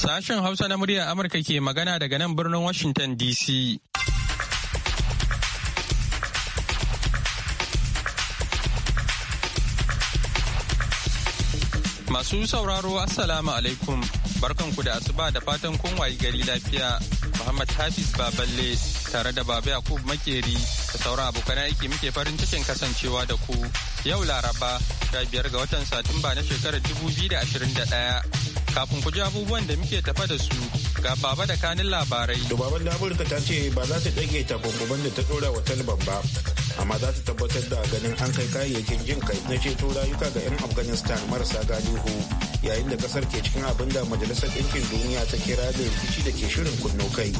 Sashen Hausa na muryar Amurka ke magana daga nan birnin Washington DC. Masu sauraro Assalamu alaikum barkanku da asuba da fatan kun wayi gari lafiya Muhammad Hafiz Baballe tare da Baba Yakub Makeri da sauran abokan aiki muke farin cikin kasancewa da ku yau Laraba 15 ga watan Satumba na shekarar 2021 Kafin ku ji abubuwan da muke tafa da su ga baba da kanin labarai. Dubaban da Amurka ta ce ba za ta ɗage takunkuman da ta ɗora wa Taliban ba. amma za ta tabbatar da ganin an kai kayayyakin jin kai na ceto rayuka ga 'yan afghanistan marasa galihu yayin da kasar ke cikin abin da majalisar ɗinkin duniya ta kira da rikici da ke shirin kunno kai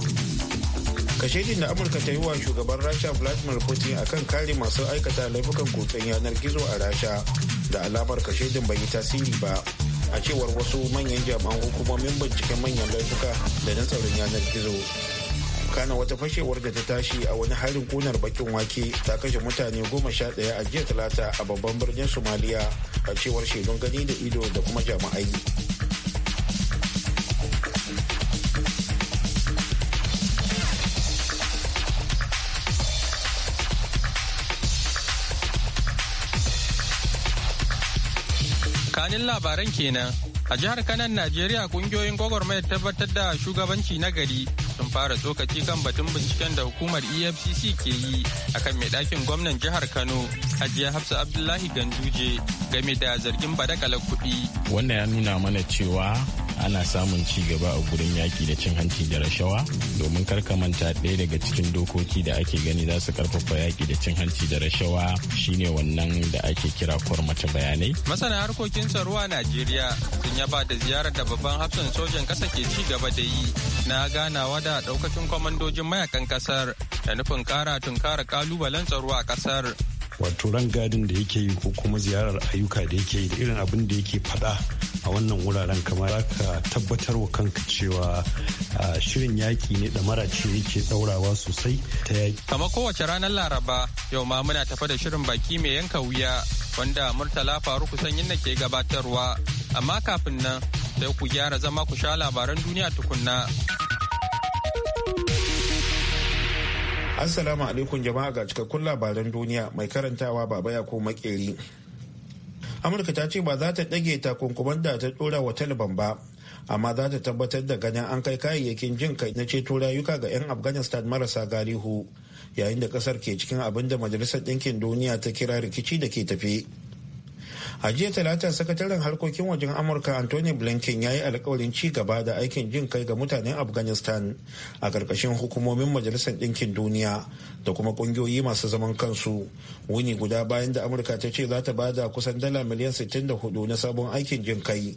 kashedin da amurka ta yi wa shugaban rasha vladimir putin akan kare masu aikata laifukan kutsen yanar gizo a rasha da alamar kashedin bai yi tasiri ba a cewar wasu manyan jami'an hukumomin binciken manyan laifuka da na tsaron yanar gizo kana wata fashewar da ta tashi a wani harin kunar bakin wake ta kashe mutane goma sha ɗaya a jiya talata a babban birnin somaliya a cewar shaidun gani da ido da kuma jami'ai kanin labaran kenan a jihar kanan najeriya kungiyoyin gwagwarmayar tabbatar da shugabanci na gari sun fara tsokaci kan batun binciken da hukumar efcc ke yi akan mai ɗakin gwamnan jihar kano hajiya hafsa abdullahi ganduje game da zargin badakalar kuɗi wannan ya nuna mana cewa ana samun ci gaba a gurin yaki da cin hanci da rashawa domin manta ɗaya daga cikin dokoki da ake gani za su karfafa yaki da cin hanci da rashawa shine wannan da ake kira kwarmata bayanai. Masana harkokin tsaro a Najeriya sun yaba da ziyarar da babban hafsan sojan kasa ke ci gaba da yi na ganawa da ɗaukacin kwamandojin mayakan kasar da nufin kara tunkara kalubalen tsaro a kasar. Wato rangadin da yake yi ko kuma ziyarar ayyuka da yake yi da irin abin da yake faɗa a wannan wuraren kamar ka tabbatar wa kanka cewa shirin yaƙi ne da marace yake daurawa sosai ta yaki. Kama kowace ranar Laraba yau ma muna tafa da shirin baki mai yanka wuya wanda Murtala faru kusan yin ke gabatarwa. Amma kafin nan sai ku gyara zama ku sha labaran duniya tukunna. Assalamu alaikum jama'a ga cikakkun labaran duniya mai karantawa baba ya ko makeri. amurka ta ce ba za ta ɗage takunkuman da ta ɗora wa taliban ba amma za ta tabbatar da ganin an kai kayayyakin jin kai na ceto rayuka ga 'yan afghanistan marasa galihu yayin da kasar ke cikin abin da majalisar ɗinkin duniya ta kira rikici da ke tafi a jiya talata sakataren harkokin wajen amurka anthony blinken ya yi alkawarin ci gaba da aikin jin kai ga mutanen afghanistan a ƙarƙashin hukumomin majalisar ɗinkin duniya da kuma ƙungiyoyi masu zaman kansu wuni guda bayan da amurka ta ce za ta ba da kusan dala miliyan 64 na sabon aikin jin kai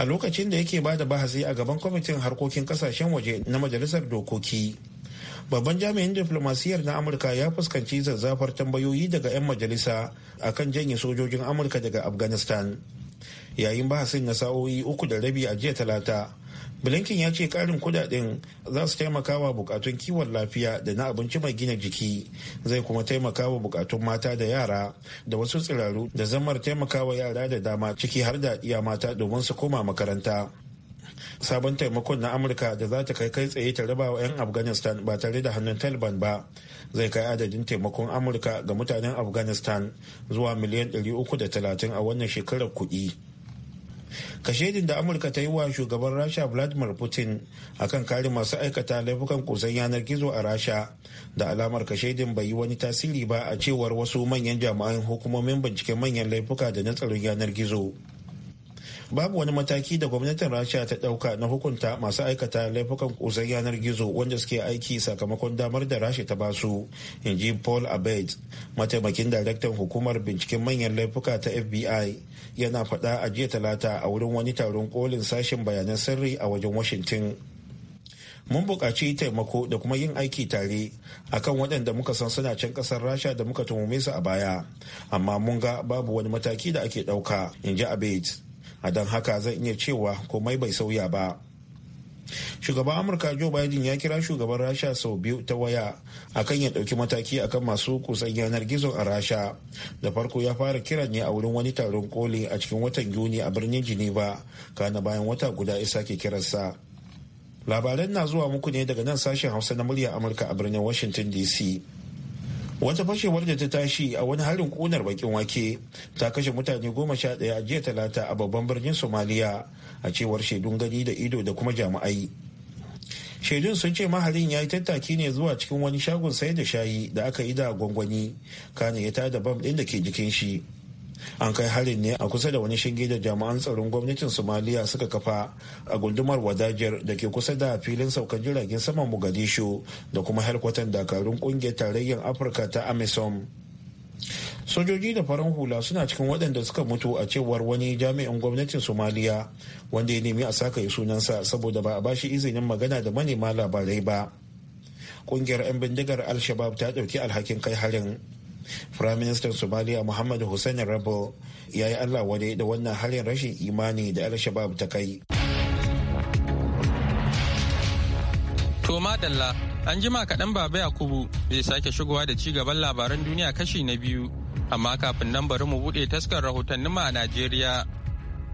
a lokacin da yake ba da bahasi a gaban kwamitin harkokin ƙasashen waje na majalisar dokoki babban jami'in diflomasiyyar na amurka ya fuskanci zazzafar tambayoyi daga 'yan majalisa akan janye sojojin amurka daga afghanistan yayin bahasin na sa'o'i uku da rabi a jiya talata blinken ya ce karin kudaden za su taimaka wa bukatun kiwon lafiya da na abinci mai gina jiki zai kuma taimaka wa bukatun mata da yara da wasu tsiraru da zamar taimaka wa yara da dama ciki har da iya mata domin su koma makaranta sabon taimakon na amurka da za ta kai kai tsaye ta raba wa 'yan afghanistan ba tare da hannun taliban ba zai kai adadin taimakon amurka ga mutanen afghanistan zuwa miliyan 330 a wannan shekarar kuɗi kashedin da amurka ta yi wa shugaban rasha vladimir putin akan kare masu aikata laifukan kusan yanar gizo a rasha da alamar kashedin bai yi wani tasiri ba a cewar wasu manyan jami'an hukumomin binciken manyan laifuka da na tsaron yanar gizo babu wani mataki da gwamnatin rasha ta dauka na hukunta masu aikata laifukan kusan yanar gizo wanda suke aiki sakamakon damar da rasha ta basu in ji paul abed mataimakin daraktan hukumar binciken manyan laifuka ta fbi yana faɗa a jiya talata a wurin wani taron kolin sashen bayanan sirri a wajen washington mun buƙaci taimako da kuma yin aiki tare akan waɗanda muka san suna can ƙasar rasha da muka tumume su a baya amma mun ga babu wani mataki da ake ɗauka in ji abate a don haka zan iya cewa komai bai sauya ba shugaban amurka joe biden ya kira shugaban rasha sau biyu ta waya akan ya dauki mataki akan masu kusan yanar gizo a rasha da farko ya fara kiran ne a wurin wani taron koli a cikin watan yuni a birnin geneva kana bayan wata guda ya sake kiransa labaran na zuwa muku ne daga nan sashen hausa na murya amurka a birnin washington dc wata fashewar da ta tashi a wani harin kunar bakin wake ta kashe mutane goma sha ɗaya a jiya talata a babban birnin somaliya a cewar shaidun gani da ido da kuma jami'ai shaidun sun ce maharin ya yi tattaki ne zuwa cikin wani shagon sayar da shayi da aka yi da gwangwani kane ya tada bam ɗin da ke jikin shi an kai harin ne a kusa da wani shinge da jami'an tsaron gwamnatin somaliya suka kafa a gundumar wadajar da ke kusa da filin saukan jiragen saman mogadishu da kuma harkwatan dakarun kungiyar tarayyar afirka ta amisom sojoji da farin hula suna cikin waɗanda suka mutu a cewar wani jami'in gwamnatin somaliya wanda ya nemi a saka sunansa saboda ba a bashi izinin magana da manema labarai ba kungiyar 'yan bindigar al-shabab ta ɗauki alhakin kai harin Firaministan Somalia Muhammad Hussein Rabo ya yi Allah wadai da wannan halin rashin imani da Al-Shabaab ta kai. To madalla an jima kaɗan baba Yakubu zai sake shigowa da ci gaban labaran duniya kashi na biyu. Amma kafin nan bari mu buɗe taskar rahotannin a Najeriya.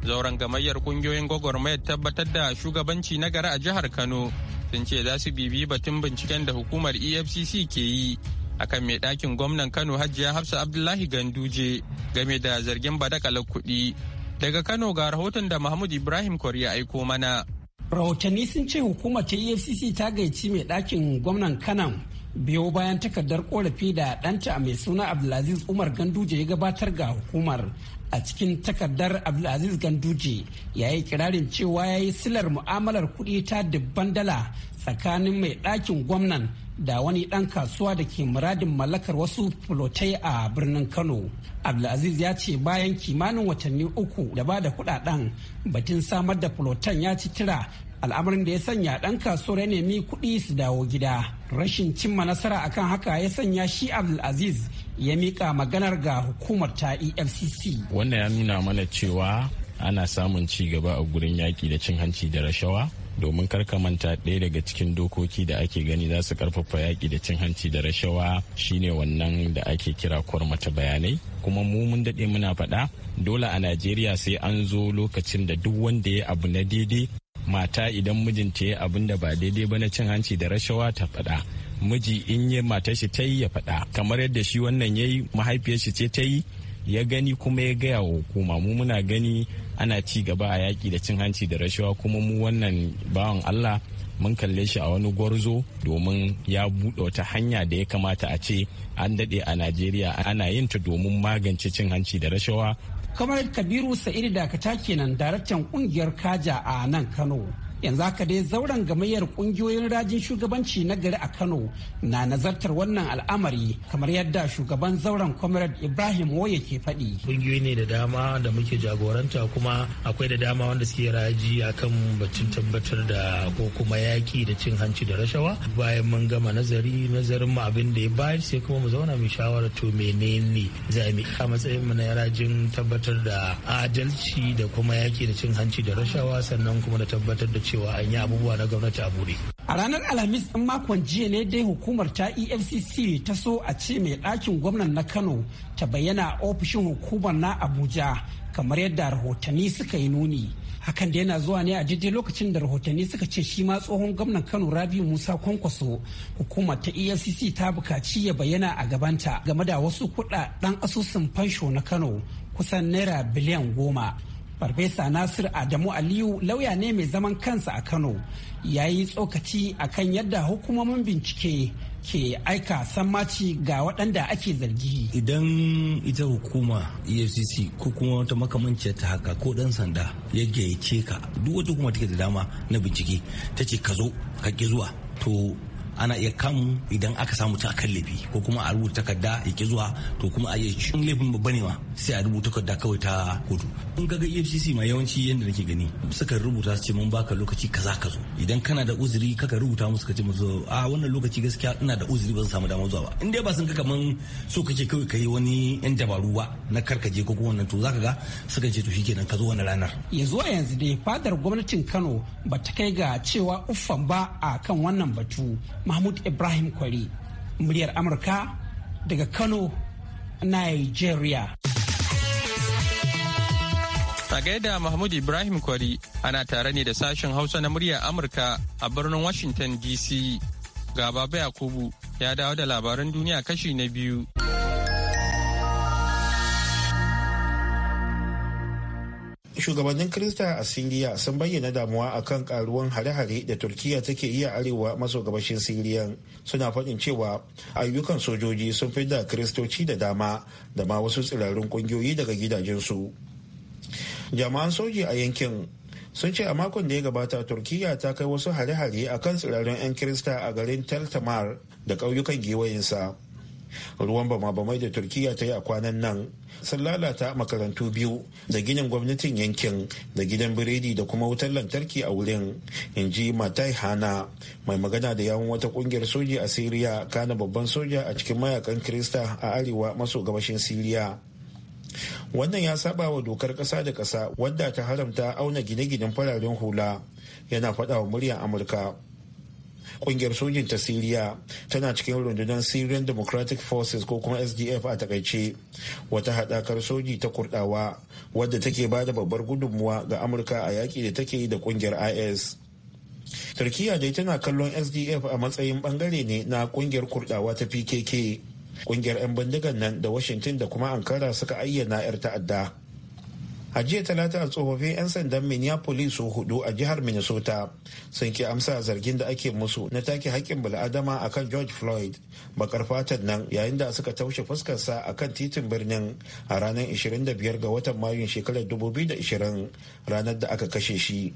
Zauren gamayyar kungiyoyin gwagwarmayar tabbatar da shugabanci na gari a jihar Kano sun ce za su bibi batun binciken da hukumar EFCC ke yi akan mai ɗakin gwamnan kano hajiya hafsa abdullahi ganduje game da zargin badakalar kuɗi daga kano ga rahoton da mahmud ibrahim ya aiko mana rahotanni sun ce hukumar ta efcc ta gaici mai ɗakin gwamnan Kano biyo bayan takardar korafi da ɗanta mai suna abdulaziz umar ganduje ya gabatar ga hukumar a cikin takardar abdulaziz ganduje ya yi kirarin cewa ya yi silar mu'amalar kuɗi ta dubban dala tsakanin mai ɗakin gwamnan da wani ɗan kasuwa da ke muradin mallakar wasu fulotai a birnin kano abdulaziz ya ce bayan kimanin watanni uku da ba da kudaden. batun samar da fulotan ya ci tira al'amarin da ya sanya ɗan kasuwar ya nemi kuɗi su dawo gida rashin cimma nasara akan haka ya sanya shi abdulaziz ya miƙa maganar ga hukumar ta efcc wannan ya nuna mana cewa ana samun ci gaba a gurin yaƙi da cin hanci da rashawa domin manta ɗaya daga cikin dokoki da ake gani za su karfafa yaƙi da cin hanci da rashawa shine wannan da ake kira kwarmata bayanai kuma mu mun daɗe muna faɗa dole a najeriya sai an zo lokacin da duk wanda ya abu na daidai mata idan mijinta ya abin da ba daidai ba na cin hanci da rashawa ta faɗa miji in ya mata shi ta yi ya faɗa kamar yadda shi wannan ya yi mahaifiyar ce ta yi ya gani kuma ya gaya wa hukuma mu muna gani ana ci gaba a yaƙi da cin hanci da rashawa kuma mu wannan bawan allah mun kalle shi a wani gwarzo domin ya buɗe wata hanya da ya kamata a ce an daɗe a najeriya ana yin ta domin magance cin hanci da rashawa kamar kabiru sa'idu dakata kenan daraktan ƙungiyar kaja a nan kano yanzu haka dai zauren gamayyar kungiyoyin rajin shugabanci na gari a kano na nazartar wannan al'amari kamar yadda shugaban zauren comrade ibrahim woye ke faɗi kungiyoyi ne da dama da muke jagoranta kuma akwai da dama wanda suke raji akan batun tabbatar da ko kuma yaki da cin hanci da rashawa bayan mun gama nazari nazarin mu abin da ya bayar sai kuma mu zauna mu shawara to menene za mu a matsayin mu na rajin tabbatar da adalci da kuma yaki da cin hanci da rashawa sannan kuma da tabbatar da cewa an yi abubuwa na gwamnati a buri. A ranar Alhamis ɗin makon jiya ne dai hukumar ta EFCC ta so a ce mai ɗakin gwamnan na Kano ta bayyana ofishin hukumar na Abuja kamar yadda rahotanni suka yi nuni. Hakan da yana zuwa ne a daidai lokacin da rahotanni suka ce shi ma tsohon gwamnan Kano rabi Musa Kwankwaso hukumar ta EFCC ta bukaci ya bayyana a gabanta game da wasu kuɗaɗen asusun fansho na Kano kusan naira biliyan goma. Farfesa Nasir Adamu Aliyu lauya ne mai zaman kansa a Kano ya yi tsokaci a kan yadda hukumomin bincike ke aika sammaci ga waɗanda ake zargi. Idan ita hukuma EFCC ko kuma wata makamanciyar ta haka ko ɗan sanda ya gayyace ka duk wata hukuma take da dama na bincike ta ce ka zo ka ki zuwa to ana iya kamu idan aka samu ta kan laifi ko kuma a rubuta takarda ya ki zuwa to kuma a yi cin laifin babba ne ma sai a rubuta takarda kawai ta kotu kun ga EFCC ma yawanci yanda nake gani suka rubuta su ce mun baka lokaci kaza kazo. idan kana da uzuri kaka rubuta musu ka ce musu a wannan lokaci gaskiya ina da uzuri ba zan samu damar zuwa ba in dai ba sun ka kaman so kake kawai ka yi wani yan dabaru ba na karkaje ko kuma wannan to zaka ga suka ce to shikenan ka zo wannan ranar ya zuwa yanzu dai fadar gwamnatin Kano ba ta kai ga cewa uffan ba a kan wannan batu mahmud ibrahim kwari muryar amurka daga kano nigeria a gaida mahmud ibrahim kwari ana tare ne da sashen hausa na muryar amurka a birnin washington dc ga baba yakubu ya dawo da labaran duniya kashi na biyu shugabannin Kirista a Siriya sun bayyana damuwa akan karuwan hare-hare da Turkiya take iya arewa maso gabashin Siriya suna faɗin cewa ayyukan sojoji sun fi da Kiristoci da dama da ma wasu tsirarun ƙungiyoyi daga gidajensu. Jama'an soji a yankin sun ce a makon da ya gabata Turkiya ta kai wasu hare-hare akan tsirarun 'yan Kirista a garin Tel Tamar da ƙauyukan giwayensa. ruwan bama-bamai da turkiya ta yi a kwanan nan sun lalata makarantu biyu da ginin gwamnatin yankin da gidan biredi da kuma wutar lantarki a wurin in ji matai hana mai magana da yawon wata kungiyar soji a siriya kana babban soja a cikin mayakan krista a arewa maso gabashin siriya wannan ya saba wa dokar kasa da kasa wadda ta haramta auna gine-ginen fararen hula yana faɗa wa muryar amurka kungiyar sojin ta siriya tana cikin rundunar syrian democratic forces ko kuma sdf a takaice wata haɗakar soji ta kurdawa wadda take ba da babbar gudunmuwa ga amurka a yaƙi da take yi da kungiyar is turkiya dai tana kallon sdf a matsayin bangare ne na kungiyar kurdawa ta pkk kungiyar 'yan bindigan nan da washington da kuma ankara suka ayyana 'yar ta'adda a jiya talata a tsofaffin 'yan sandan minneapolis su hudu a jihar minnesota sun ki amsa zargin da ake musu na take haƙƙin bil'adama a kan george floyd bakar fatan nan yayin da suka taushe fuskarsa a kan titin birnin a ranar 25 ga watan mayun shekarar 2020 ranar da aka kashe shi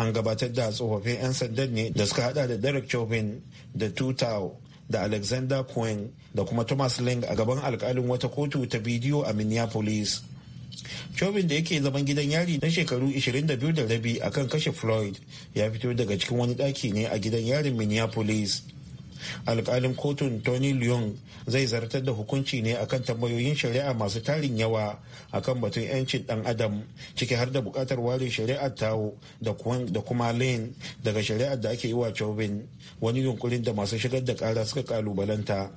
an gabatar da tsofaffin 'yan sandan ne da suka hada da derek chauvin da tutau da alexander quinn da kuma thomas ling a gaban alkalin wata kotu ta bidiyo a minneapolis Chauvin da yake zaman gidan yari na shekaru 22 da rabi akan kashe Floyd ya fito daga cikin wani ɗaki ne a gidan yarin Minneapolis. Alƙalin kotun Tony Leung zai zartar da hukunci ne akan tambayoyin shari'a masu tarin yawa akan batun 'yancin ɗan adam ciki har da buƙatar ware shari'ar tawo da kuma lane daga shari'ar da ake yi wa Chauvin wani yunkurin da masu shigar da ƙara suka ƙalubalanta.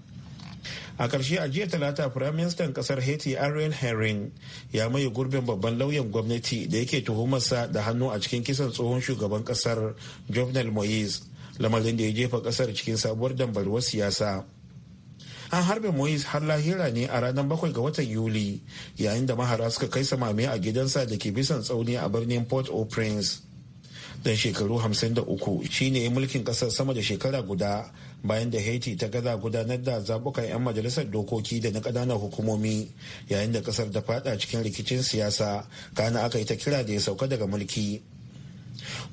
a ƙarshe a jiya talata firaministan ƙasar haiti ariel herring ya maye gurbin babban lauyan gwamnati da yake tuhumarsa da hannu a cikin kisan tsohon shugaban ƙasar jovenel moise lamarin da ya jefa ƙasar cikin sabuwar dambarwar siyasa an harbe moise har lahira ne a ranar bakwai ga watan yuli yayin da mahara suka kai samame a gidansa da ke bisan tsauni a birnin port au prince dan shekaru 53 shine mulkin kasar sama da shekara guda bayan da haiti ta gaza gudanar da zabukan 'yan majalisar dokoki da na ƙananan hukumomi yayin da ƙasar ta fada cikin rikicin siyasa kana aka yi ta kira da ya sauka daga mulki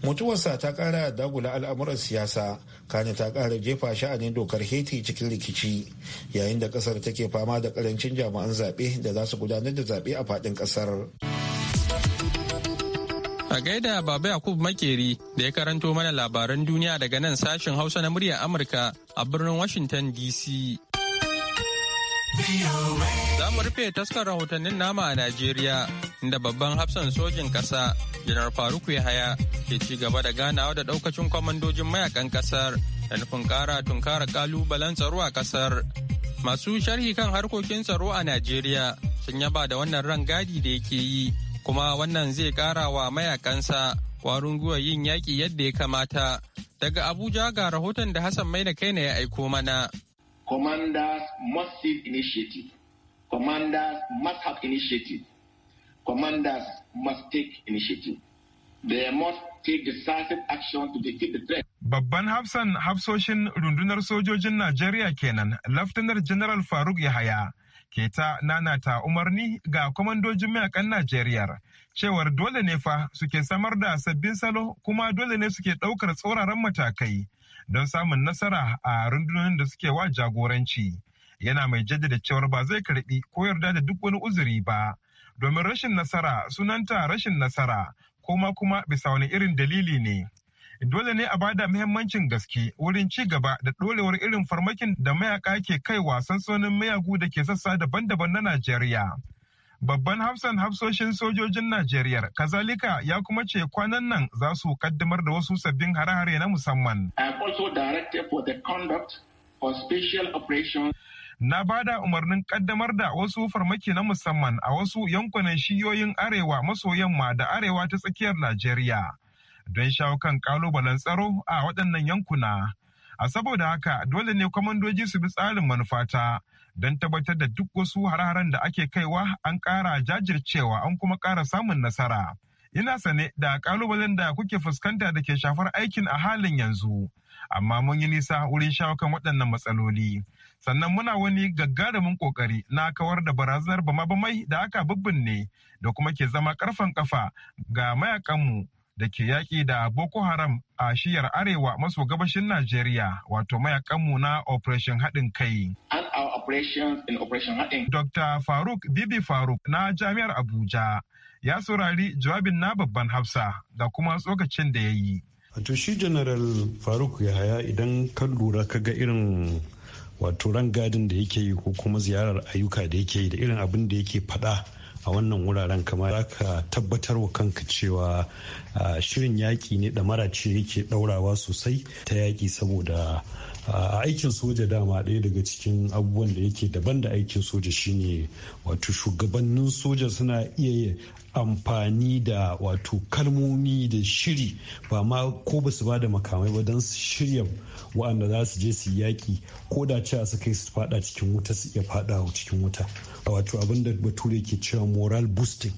mutuwarsa ta ƙara dagula al'amuran siyasa kane ta ƙara jefa sha'anin dokar haiti cikin rikici yayin da ƙasar take fama da ƙarancin jami'an zaɓe da za su gudanar da zaɓe a faɗin ƙasar. A gaida Baba Yakubu Makeri da ya karanto mana labaran duniya daga nan sashen Hausa na muryar Amurka a birnin Washington DC. Za mu rufe taskar rahotannin nama a Najeriya, inda babban hafsan sojin ƙasa, Janar Faruku haya ke ci gaba da ganawa da ɗaukacin kwamandojin mayakan ƙasar da nufin ƙara tunkara ƙalubalen tsaro a ƙasar. Masu sharhi kan harkokin tsaro a Najeriya sun yaba da wannan rangadi da yake yi kuma wannan zai ƙara wa mayakansa kwarin gwiwa yin yaƙi yadda ya kamata. Daga Abuja ga rahoton da Hassan Maina na ya aiko mana. Commanders Massive Initiative. Commanders must have initiative. Commanders must take initiative. They must take decisive action to defeat the threat. Babban hafsan hafsoshin rundunar sojojin Najeriya kenan, Laftanar General Faruk Yahaya. ke ta nanata umarni ga kwamandojin mayakan Najeriya cewar dole ne fa suke samar da sabbin salo kuma dole ne suke ɗaukar tsauraran matakai don samun nasara a rundunonin da suke wa jagoranci. Yana mai jaddada cewar ba zai karbi ko yarda da duk wani uzuri ba, domin rashin nasara sunanta rashin nasara, koma kuma bisa wani irin dalili ne. dole ne a bada muhimmancin gaske wurin ci gaba da ɗorewar irin farmakin da mayaka ke wa sansonin mayagu da ke sassa daban-daban na Najeriya. Babban hafsan hafsoshin sojojin Najeriya, kazalika ya kuma ce kwanan nan za su kaddamar da wasu sabbin hare-hare na musamman. Na ba da umarnin kaddamar da wasu farmaki na musamman a wasu yankunan shiyoyin arewa maso yamma da arewa ta tsakiyar Najeriya. don shawo kan kalubalen tsaro a waɗannan yankuna. A saboda haka dole ne kwamandoji su bi tsarin manufata don tabbatar da duk wasu hare haren da ake kaiwa an ƙara jajircewa an kuma ƙara samun nasara. Ina sane da kalubalen da kuke fuskanta da ke shafar aikin a halin yanzu, amma mun yi nisa wurin shawo kan waɗannan matsaloli. sannan muna wani gagarumin ƙoƙari na kawar da barazanar bama-bamai da aka bibbinne da kuma ke zama karfan ƙafa ga mayakanmu da ke yaƙi da Boko Haram a shiyar arewa maso gabashin Najeriya wato mayakanmu na Operation Haɗin Kai. Dr. Faruk Bibi Faruk na Jami'ar Abuja ya saurari jawabin na babban Hafsa da kuma tsokacin da ya yi. Wato shi General Faruk Yahaya idan ka lura ka ga irin wato rangadin da yake yi ko kuma ziyarar ayyuka da yake yi da irin abin da yake faɗa a wannan wuraren kamar za ka tabbatar wa kanka cewa shirin yaƙi ne mara ce yake ɗaurawa sosai ta yaƙi saboda a aikin soja dama ɗaya daga cikin abubuwan da yake daban da aikin soja shine wato shugabannin soja suna iya amfani da wato kalmomi da shiri ba ma ko ba su ba da makamai ba don su shirya wa'anda za su je su yaƙi ko da cewa su kai su fada cikin wuta su iya fada cikin wuta wato abin da bature ke cewa moral boosting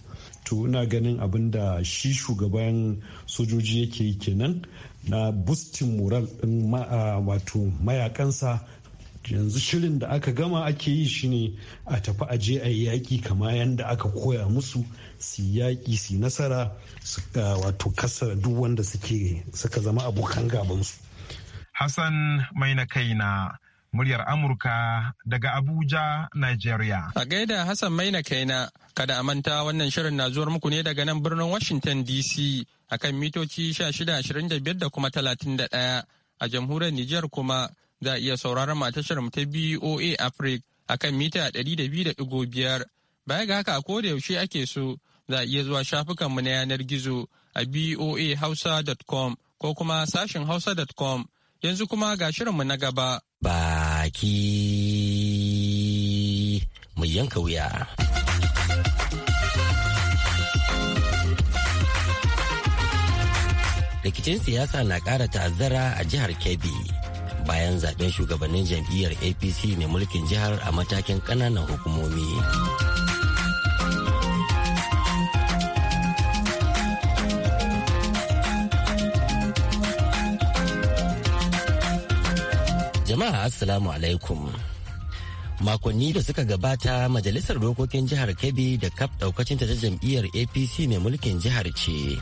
to ina ganin abin da shi shugaban sojoji yake yi kenan na boosting moral din wato mayakansa yanzu shirin da aka gama ake yi shine a tafi a je a yaƙi kama yadda aka koya musu su yaƙi su nasara su wato kasa duk wanda suke suka zama abokan gabansu. Hassan mai na kai na. muryar Amurka daga Abuja, Nigeria. A gaida Hassan Maina kaina, kada a manta wannan shirin na zuwar muku ne daga nan birnin Washington DC akan mitoci 1625 da kuma 31 a jamhuriyar Nijar kuma za a iya sauraron shirin ta BOA Africa akan mita 200.5 baya ga haka a koda yaushe ake so za a iya zuwa shafukanmu na yanar gizo a boahausa.com ko kuma sashin hausa.com yanzu kuma ga shirinmu na gaba. Ba. baki mu yanka wuya. rikicin siyasa na ƙara ta'azzara a jihar kebbi bayan zaben shugabannin jam'iyyar apc mai mulkin jihar a matakin ƙananan hukumomi. A assalamu alaikum makonni da suka gabata majalisar dokokin jihar kebbi da kaf daukacinta ta jam'iyyar apc mai mulkin jihar ce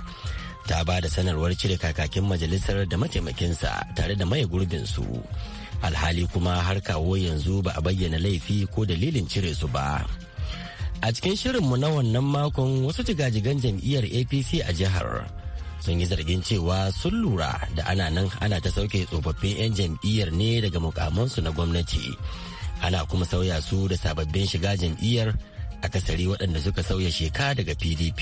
ta ba da sanarwar cire kakakin majalisar da mataimakinsa tare da maye gurbinsu alhali kuma har kawo yanzu ba a bayyana laifi ko dalilin cire su ba a cikin shirinmu na wannan makon wasu jigajigan jam'iyyar apc a jihar sun yi zargin cewa sun lura da ana nan ana ta sauke tsofaffin 'yan jam'iyyar ne daga mukamansu na gwamnati ana kuma sauya su da sababbin shiga jam'iyyar a kasari waɗanda suka sauya sheka daga pdp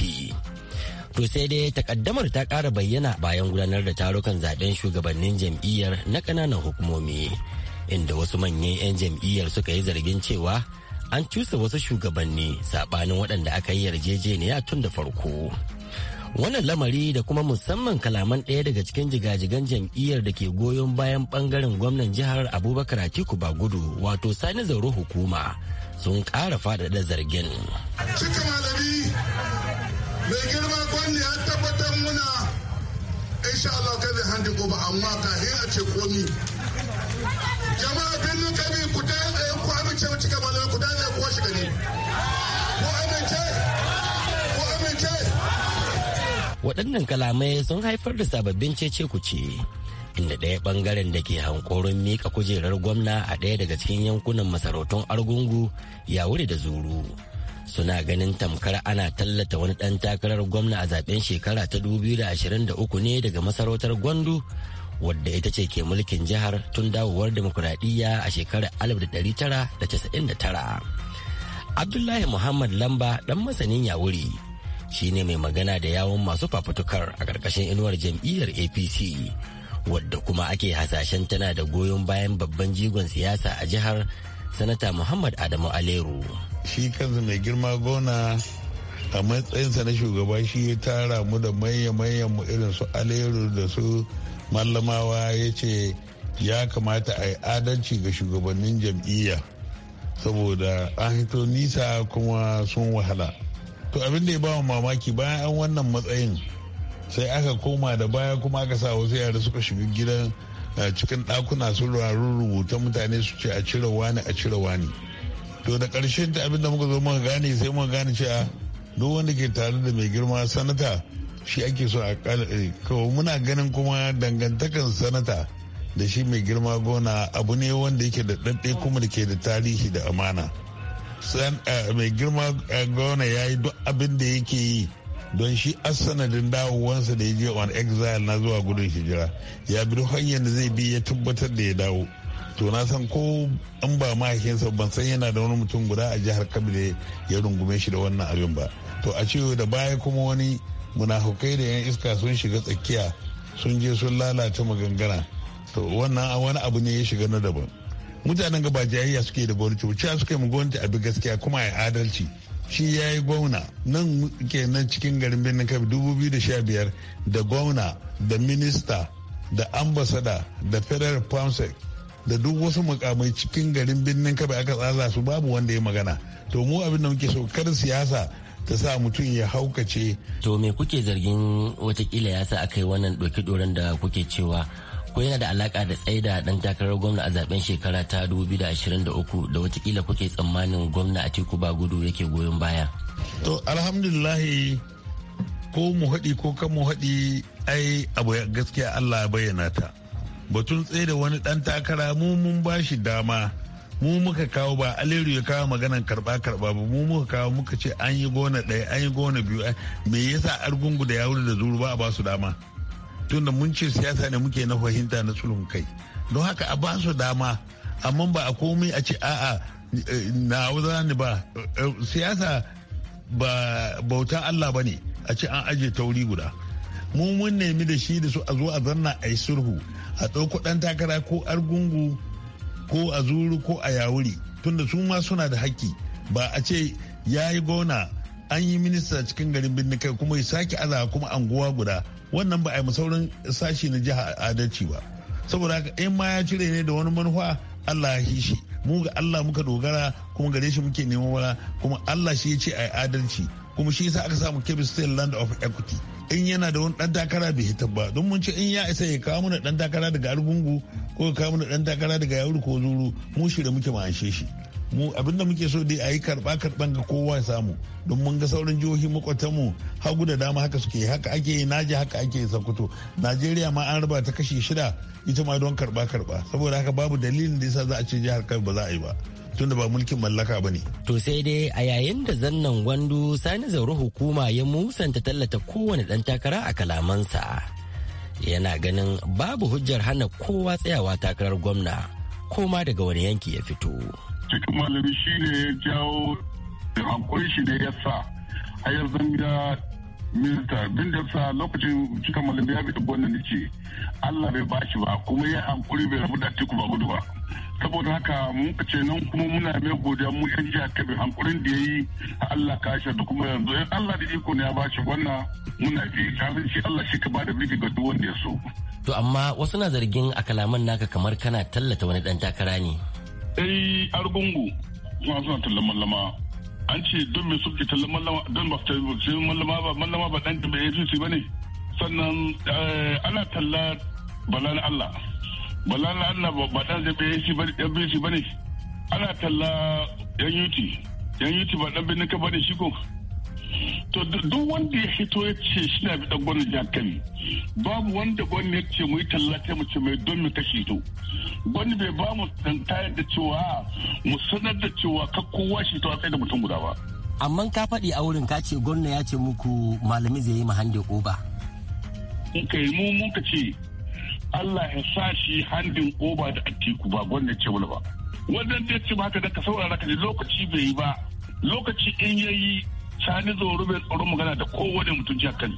to sai dai takaddamar ta ƙara bayyana bayan gudanar da tarukan zaben shugabannin jam'iyyar na ƙananan hukumomi inda wasu manyan 'yan jam'iyyar suka yi zargin cewa an cusa wasu shugabanni saɓanin waɗanda aka yi yarjejeniya tun da farko. wannan lamari da kuma musamman kalaman ɗaya daga cikin jigajigan jam'iyyar da ke goyon bayan ɓangaren gwamnan jihar abubakar atiku bagudu wato sani zauro hukuma sun ƙara faɗaɗa zargin cika malami mai girma gwamni ya tabbatar muna insha Allah kai zai handi gobe amma kahin a ce komi jama'a birnin kabi ku da tsaye ku amince cika malami ku ta tsaye ku shiga ne waɗannan kalamai sun haifar da sababbin cece kuce inda ɗaya ɓangaren da ke hankorin mika kujerar gwamna a ɗaya daga cikin yankunan masarautun argungu ya wuri da zuru suna ganin tamkar ana tallata wani ɗan takarar gwamna a zaben shekara ta 2023 ne daga masarautar gwandu wadda ita ce ke mulkin jihar tun dawowar demokuraɗiyya a shekarar da tara. abdullahi muhammad lamba ɗan masanin yawuri shine mai magana da yawon masu fafutukar a ƙarƙashin inuwar jam'iyyar apc wadda kuma ake hasashen tana da goyon bayan babban jigon siyasa a jihar sanata muhammad adamu aleru shi kansa mai girma gona a matsayinsa na shugaba shi ya tara mu da manya manyan mu irin su aleru da su mallamawa ya ce ya kamata a yi adalci ga shugabannin jam'iyya saboda an hito nisa kuma sun wahala to abin da ya bawa mamaki bayan an wannan matsayin sai aka koma da baya kuma aka sa wasu yara suka shiga gidan cikin ɗakuna sun rubuta mutane su ce a cire wani a cire wani to da ƙarshen ta abin da muka zo muka gane sai muka gane cewa duk wanda ke tare da mai girma sanata shi ake so a kawo eh, muna ganin kuma dangantakan sanata da shi mai girma gona abu ne wanda yake da ɗanɗe kuma da ke da tarihi da amana Eh, mai girma eh, gona ya yi duk abin da yake yi don shi sanadin dawowansa da ya je on exile na zuwa gudun hijira ya bi duk hanyar da zai bi ya tabbatar da ya dawo to na san ko in ba mahaifinsa ban san yana da wani mutum guda a jihar kabile ya rungume shi da wannan abin ba to a cewa da baya kuma wani munafukai da yan iska sun shiga tsakiya sun je sun lalata magangana to wannan wani abu ne ya shiga na daban mutanen gaba jayayya suke da gwamnati wuce suke mu gwamnati abin gaskiya kuma a adalci shi ya yi gwamna nan nan cikin garin birnin kabi 2015 da gwamna da minista da ambasada da federal pamsec da duk wasu mukamai cikin garin birnin kabi aka tsara su babu wanda ya magana to mu abin da muke so kar siyasa ta sa mutum ya haukace to me kuke zargin watakila ya sa aka yi wannan doki doron da kuke cewa ko yana da alaka da tsaida dan takarar gwamna a zaben shekara ta 2023 da watakila kuke tsammanin gwamna a teku ba gudu yake goyon baya to alhamdulillahi ko mu haɗi ko kan mu haɗi ai abu gaskiya allah ya bayyana ta batun tsaida wani dan takara mu mun ba shi dama mu muka kawo ba aliru ya kawo maganan karba karba ba mu muka kawo muka ce an yi gona ɗaya an yi gona biyu me yasa argungu da yawuri da zuru ba a ba su dama tunda mun ce siyasa ne muke na fahimta na sulhun kai don haka a basu dama amma ba a komai a ce a'a na ni ba siyasa ba bauta Allah ba ne a ce an aje tauri guda mu mun nemi da shi da su a zo a zanna a yi sulhu a ɗauko ɗan takara ko argungu ko a zuru ko a yawuri tunda su ma suna da haƙƙi ba a ce ya yi gona an yi minista cikin garin birnin kai kuma ya sake ala kuma anguwa guda wannan ba a yi sauran sashi na jiha adalci ba saboda haka in ma ya cire ne da wani manufa Allah ya shi mu ga Allah muka dogara kuma gare shi muke neman wala kuma Allah shi ya ce a yi adalci kuma shi yasa aka samu Kebbi Land of Equity in yana da wani dan takara bai hita ba don mun ce in ya isa ya kawo mana dan takara daga Argungu ko ya kawo mana dan takara daga Yauri ko Zuru mu shi da muke ma'anshe shi mu abinda muke so dai a yi karɓa karɓan ga kowa samu don mun ga sauran jihohi mu hagu da dama haka suke haka ake yi naji haka ake yi sakuto najeriya ma an raba ta kashi shida ita ma don karba karba saboda haka babu dalilin da yasa za a ce jihar kai ba za a yi ba tun da ba mulkin mallaka ba ne. To sai dai a yayin da zannan gwandu sani zauro hukuma ya musanta tallata kowane ɗan takara a kalamansa. Yana ganin babu hujjar hana kowa tsayawa takarar gwamna, koma daga wani yanki ya fito. cikin malami shi ne ya jawo hankulin shi ne ya sa a yar zanga minista bin da sa lokacin cikin malami ya bita gwanan da ce allah bai bashi ba kuma ya hankuri bai rabu da tiku ba gudu ba saboda haka mun ce nan kuma muna mai godiya mu yan ka bi hankulin da ya yi allah ka shi da kuma yanzu in allah da iko ne ya bashi wannan muna fi kafin shi allah shi ka ba da bidi ga duk wanda ya so. to amma wasu na zargin a kalaman naka kamar kana tallata wani dan takara ne. sai argungu kuma suna tallan mallama an ce don me suke tallan mallama don ba su mallama ba mallama ba dan jami'a APC ba ne sannan eh, ana talla bala na Allah bala na Allah ba dan jami'a APC ba ne ana talla yan yuti yan yuti ba dan ka ba ne shi ko to duk wanda ya fito ya ce shi na bi gwamnati jihar babu wanda gwamnati ya ce mu yi tallata mu ce mai don mu kashe to gwamnati bai ba mu tantayar da cewa mu sanar da cewa kowa shi to a sai da mutum guda ba amma ka faɗi a wurin ka ce gwamna ya ce muku malami zai yi mahande oba. In kai mu mun ka ce Allah ya sa shi handin oba da atiku ba ya ce wani ba. Wannan da ce ba ka da ka saurara ka ne lokaci bai yi ba lokaci in ya yi sani zoro bai tsoro magana da kowane mutum jiya kano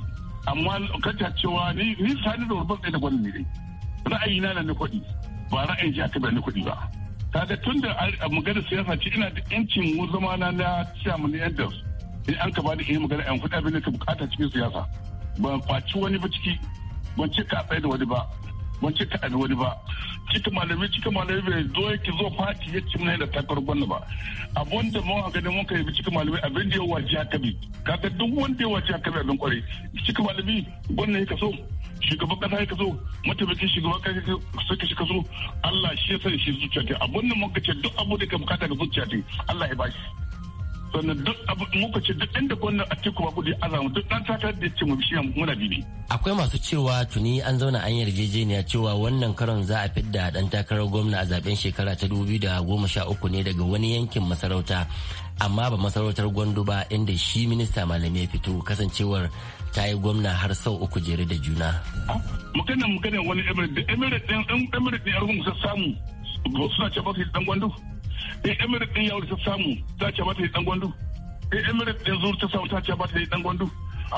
amma kanta cewa ni sani zoro ban tsaye da gwani ne ra'ayi na na kuɗi ba ra'ayin jihar kano ni kuɗi ba kaga tun da magana siyasa ce ina da yancin zama na na chairman ne yadda in an ka bani in magana yan kuɗi abin da ka bukata cikin siyasa ban kwaci wani ba ciki ban ce ka tsaye da wani ba ban ci ta wani ba cika malami cika malami bai zo yake zo fati ya ci da takar gwamna ba abun da mawa ganin mun kai cika malami abin da ya wace haka bi kaga duk wanda ya wace haka bi abin kwarai cika malami gwamna ya kaso shugaban kasa ya kaso mataimakin shugaban kasa ka shi kaso Allah shi ya sani shi zuciya ta abun da mun kace duk abu da ka bukata ga zuciya ta Allah ya bashi sannan duk muka ce duk inda gwamnan atiku ba kudi azamu duk dan takarar da ce mu shi muna bibi. akwai masu cewa tuni an zauna an yarjejeniya cewa wannan karon za a fidda dan takarar gwamna a zaben shekara ta dubu da goma sha uku ne daga wani yankin masarauta amma ba masarautar gwandu ba inda shi minista malami ya fito kasancewar ta yi gwamna har sau uku jere da juna. mukanan mukanan wani emirate da emirate ɗin emirate ɗin samu suna ce ba su yi ɗan gwandu. in emirate din ya ta samu ta ce mata dan gwandu in eh, emirate din zuwa ta samu ta ce mata dan gwandu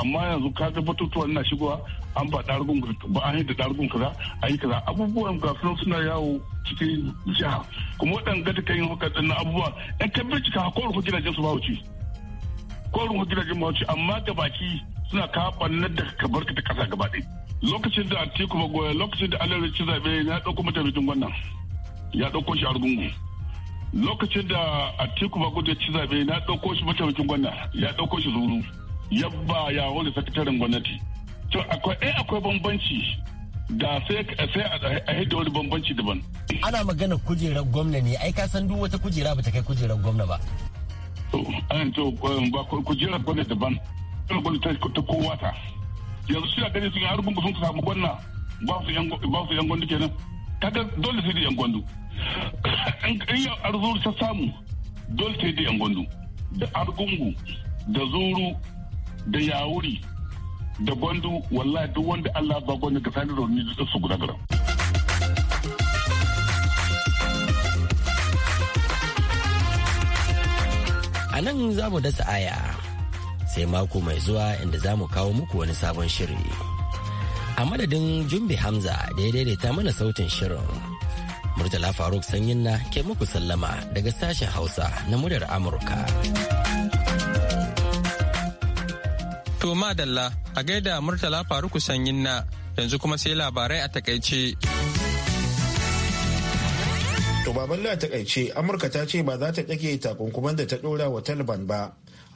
amma yanzu ka ga batutuwan na shigowa an ba dargun ba an da dargun kaza an yi kaza abubuwan gafinan suna yawo cikin jiha kuma waɗanda ta kayan haka na abubuwa ta ka bincika hakorin ko gidajen su bauchi korin ku gidajen wuce amma ga baki suna kawo ɓannar da ka barka ta ƙasa gaba ɗaya lokacin da atiku magoya lokacin da alarin ci zaɓe ya ɗauko mutum wannan ya ɗauko shi argungu lokacin da atiku ba ya ci zabe na dauko shi mataimakin gwamna ya dauko shi zuru yabba ya wani sakataren gwamnati to akwai eh akwai bambanci da sai a hidda wani bambanci daban ana magana kujerar gwamna ne ai ka san duk wata kujera ba ta kai kujerar gwamna ba to an to um, ba kujerar gwamna daban kujerar gwamna ta kowa ta yanzu shi a gani sun yi argungu sun samu gwamna ba su yan gwamna kenan kaga dole sai da yan gwandu in yau ta samu dole sai da yan gwandu da argungu da zuru da yawuri da gwandu wallahi duk wanda Allah ba gwandu ka sani rauni da su guda gara. A nan za mu dasa aya sai mako mai zuwa inda za mu kawo muku wani sabon shiri. a madadin jumbe hamza da ya daidaita mana sautin shirin murtala faruk sanyin na ke muku sallama daga sashen hausa na muryar amurka to madalla a gaida murtala Faruk sanyin na yanzu kuma sai labarai a takaice to baballa a takaice amurka ta ce ba za ta ɗage takunkuman da ta ɗora wa taliban ba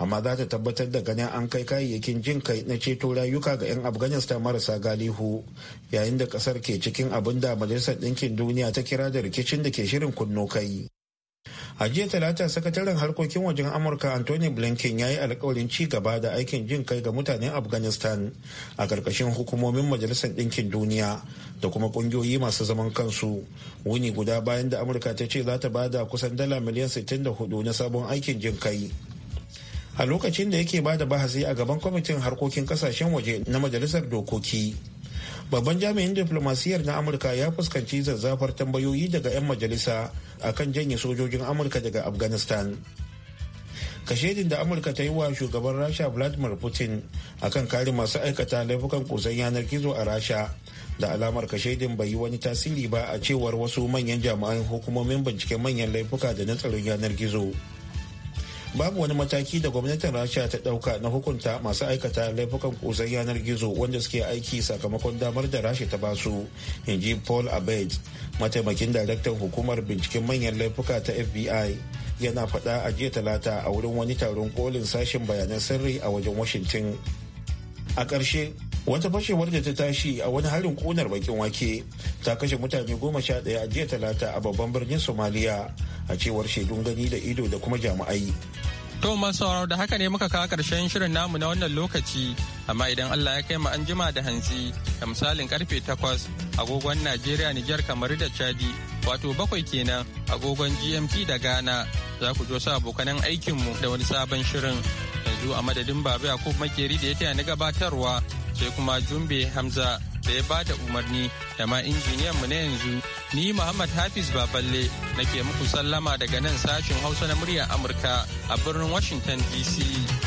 amma za ta tabbatar da ganin an kai kayayyakin jin kai na ceto rayuka ga 'yan afghanistan marasa galihu yayin da kasar ke cikin abin da majalisar ɗinkin duniya ta kira da rikicin da ke shirin kunno kai a jiya talata sakataren harkokin wajen amurka anthony blinken ya yi alkawarin ci gaba da aikin jin kai ga mutanen afghanistan a ƙarƙashin hukumomin majalisar ɗinkin duniya da kuma ƙungiyoyi masu zaman kansu wuni guda bayan da amurka ta ce za ta bada kusan dala miliyan 64 na sabon aikin jin kai a lokacin da yake ba da bahasi a gaban kwamitin harkokin kasashen waje na majalisar dokoki babban jami'in diflomasiyyar na amurka ya fuskanci zazzafar tambayoyi daga 'yan majalisa akan janye sojojin amurka daga afghanistan kashedin da amurka ta yi wa shugaban rasha vladimir putin akan kare masu aikata laifukan kusan yanar gizo a rasha da alamar kashedin bai yi wani tasiri ba a cewar wasu manyan jami'an hukumomin binciken manyan laifuka da na tsaron yanar gizo babu wani mataki da gwamnatin rasha ta dauka na hukunta masu aikata laifukan kusan yanar gizo wanda suke aiki sakamakon damar da rasha ta basu in ji paul abed mataimakin daraktan hukumar binciken manyan laifuka ta fbi yana fada a jiya talata a wurin wani taron kolin sashen bayanan sirri a wajen washington a ƙarshe wata fashewar da ta tashi a wani harin ƙunar bakin wake ta kashe mutane goma sha ɗaya a jiya talata a babban birnin somaliya a cewar shaidun gani da ido da kuma jami'ai To masu sauraro da haka ne muka kawo ƙarshen shirin namu na wannan lokaci, amma idan Allah ya kai mu an jima da hantsi da misalin karfe takwas agogon Najeriya Nijar kamar da Chadi wato bakwai kenan agogon GMT da Ghana za ku zo sa abokanan aikinmu da wani sabon shirin yanzu a madadin Babu Yakub Makeri da ya taya ni gabatarwa sai kuma Jumbe Hamza da ya bada umarni da ma injiniyan mu na yanzu ni Muhammad Hafiz Baballe nake muku sallama daga nan sashin Hausa na muryar Amurka a birnin Washington DC.